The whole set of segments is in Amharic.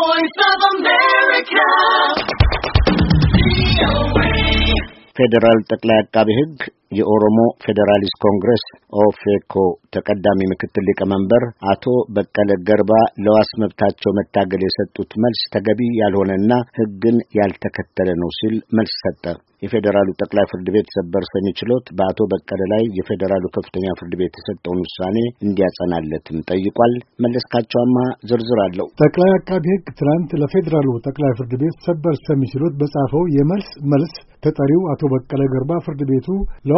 Voice of America. ፌዴራል ጠቅላይ አቃቤ ሕግ የኦሮሞ ፌዴራሊስት ኮንግረስ ኦፌኮ ተቀዳሚ ምክትል ሊቀመንበር አቶ በቀለ ገርባ ለዋስ መብታቸው መታገል የሰጡት መልስ ተገቢ ያልሆነና ሕግን ያልተከተለ ነው ሲል መልስ ሰጠ። የፌዴራሉ ጠቅላይ ፍርድ ቤት ሰበር ሰሚ ችሎት በአቶ በቀለ ላይ የፌዴራሉ ከፍተኛ ፍርድ ቤት የሰጠውን ውሳኔ እንዲያጸናለትም ጠይቋል። መለስካቸዋማ ዝርዝር አለው። ጠቅላይ አቃቢ ሕግ ትናንት ለፌዴራሉ ጠቅላይ ፍርድ ቤት ሰበር ሰሚ ችሎት በጻፈው የመልስ መልስ ተጠሪው አቶ በቀለ ገርባ ፍርድ ቤቱ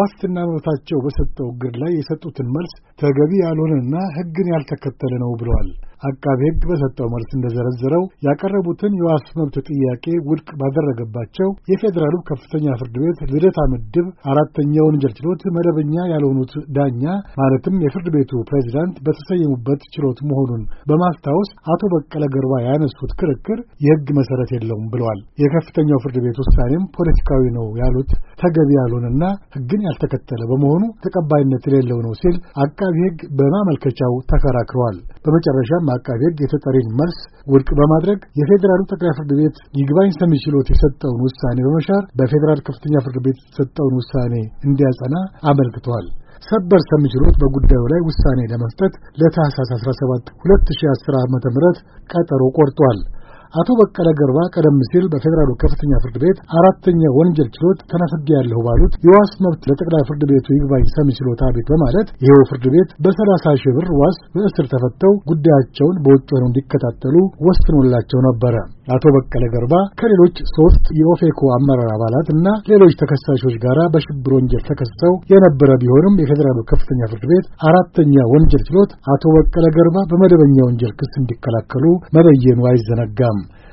በዋስትና መብታቸው በሰጠው እግድ ላይ የሰጡትን መልስ ተገቢ ያልሆነና ሕግን ያልተከተለ ነው ብለዋል አቃቤ ሕግ በሰጠው መልስ እንደዘረዘረው ያቀረቡትን የዋስ መብት ጥያቄ ውድቅ ባደረገባቸው የፌዴራሉ ከፍተኛ ፍርድ ቤት ልደታ ምድብ አራተኛ ወንጀል ችሎት መደበኛ ያልሆኑት ዳኛ ማለትም የፍርድ ቤቱ ፕሬዚዳንት በተሰየሙበት ችሎት መሆኑን በማስታወስ አቶ በቀለ ገርባ ያነሱት ክርክር የሕግ መሠረት የለውም ብለዋል። የከፍተኛው ፍርድ ቤት ውሳኔም ፖለቲካዊ ነው ያሉት ተገቢ ያልሆነና ሕግን ያልተከተለ በመሆኑ ተቀባይነት የሌለው ነው ሲል አቃቢ ሕግ በማመልከቻው ተከራክረዋል። በመጨረሻም አቃቤ ሕግ የተጠሪን መልስ ውድቅ በማድረግ የፌዴራሉ ጠቅላይ ፍርድ ቤት ይግባኝ ሰሚ ችሎት የሰጠውን ውሳኔ በመሻር በፌዴራል ከፍተኛ ፍርድ ቤት የተሰጠውን ውሳኔ እንዲያጸና አመልክቷል። ሰበር ሰሚ ችሎት በጉዳዩ ላይ ውሳኔ ለመስጠት ለታህሳስ 17 2010 ዓ.ም ቀጠሮ ቆርጧል። አቶ በቀለ ገርባ ቀደም ሲል በፌዴራሉ ከፍተኛ ፍርድ ቤት አራተኛ ወንጀል ችሎት ተነፍጌያለሁ ባሉት የዋስ መብት ለጠቅላይ ፍርድ ቤቱ ይግባኝ ሰሚ ችሎት አቤት በማለት ይኸው ፍርድ ቤት በሰላሳ ሺህ ብር ዋስ በእስር ተፈተው ጉዳያቸውን በውጭ ሆነው እንዲከታተሉ ወስኖላቸው ነበረ። አቶ በቀለ ገርባ ከሌሎች ሶስት የኦፌኮ አመራር አባላት እና ሌሎች ተከሳሾች ጋር በሽብር ወንጀል ተከሰው የነበረ ቢሆንም የፌዴራሉ ከፍተኛ ፍርድ ቤት አራተኛ ወንጀል ችሎት አቶ በቀለ ገርባ በመደበኛ ወንጀል ክስ እንዲከላከሉ መበየኑ አይዘነጋም።